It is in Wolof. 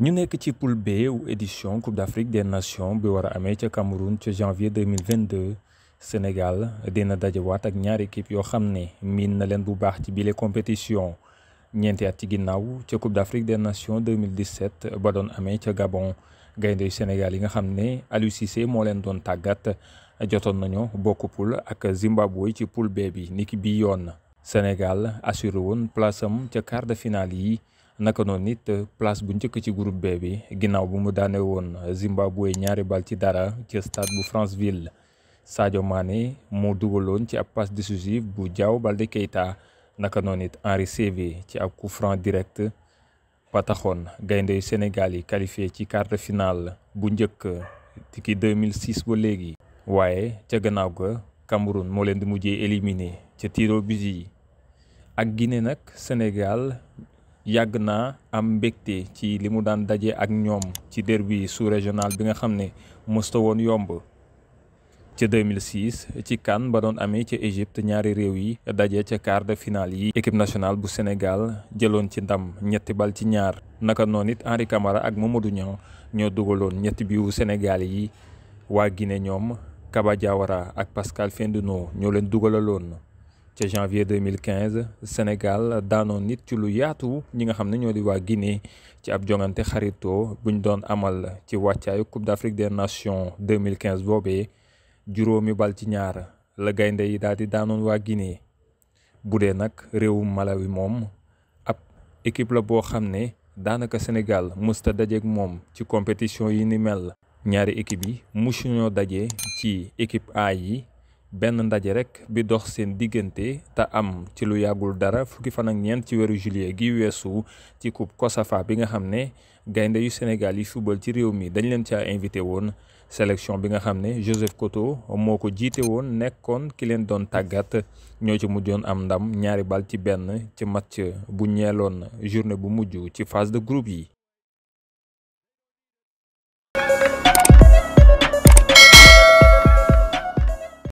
ñu nekk ci poule B wu édition coupe d'Afrique des nations bi war a amee ca Cameroun ca janvier 2022 Sénégal dina dajawaat ak ñaari équipe yoo xam ne miin na leen bu baax ci bile compétition ñeenti at ci ginnaaw ca coupe d'Afrique des nations 2017 ba doon amee ca Gabon gayndeyu Sénégal yi nga xam ne Aliou moo leen doon tàggat jotoon nañu bokk poule ak Zimbabwe ci poule B bi niki bi yoon Sénégal assuré woon place ca quart de finale yi. naka noon it euh, place bu njëkk ci group B bi ginnaaw bu mu daane woon Zimbabwe ñaari bal ci dara ci stade bu Franceville Sadio Mané moo dugaloon ci ab passe décisive bu Diao Baldé Keita naka noonu it Henri Saivet ci ab coup franc direct ba taxoon gaynde Sénégal yi qualifié ci quart de bu njëkk tiki 2006 ba léegi. waaye ca gannaaw ga Cameroun moo leen di mujjee éliminé ca tiro bisi yi ak Guinée nag Sénégal yàgg naa am mbégte ci li mu daan daje ak ñoom ci derby sous-régional bi nga xam ne mosta woon yomb ca 2006 ci CAN ba doon amee ca Égypte ñaari réew yi daje ca quart de finale yi équipe nationale bu Sénégal jëloon ci ndam ñetti bal ci ñaar naka noon it Henri Camara ak Mamadou Niang ñoo dugaloon ñetti biwu Sénégal yi waa gine ñoom Kaba Diawara ak Pascal Fendouno ñoo leen dugalaloon ca janvier 2015 Sénégal daanoon nit ci lu yaatu ñi nga xam ne ñoo di waa Guinée ci ab jongante xaritoo buñ doon amal ci wàccaayu Coupe d'Afrique des Nations 2015 boobee juróomi bal ci ñaar la gaynde yi daal di daanoon waa Guinée bu dee nag réewum Malawi moom ab équipe la boo xam ne daanaka Sénégal musta dajeek moom ci compétition yi ni mel ñaari équipe yi musuñoo daje ci équipe A yi benn ndaje rek bi dox seen diggante te am ci lu yàggul dara fukki fan ak ñeent ci weeru juillet gi weesu ci coupe COSAFA bi nga xam ne gaynde yu Sénégal yi fubal ci réew mi dañ leen caa invité woon sélection bi nga xam ne Joseph Koto moo ko jiite woon nekkoon ki leen doon tàggat ñoo ci mujjoon am ndam ñaari bal ci benn ci match bu ñeeloon journée bu mujj ci phase de groupe yi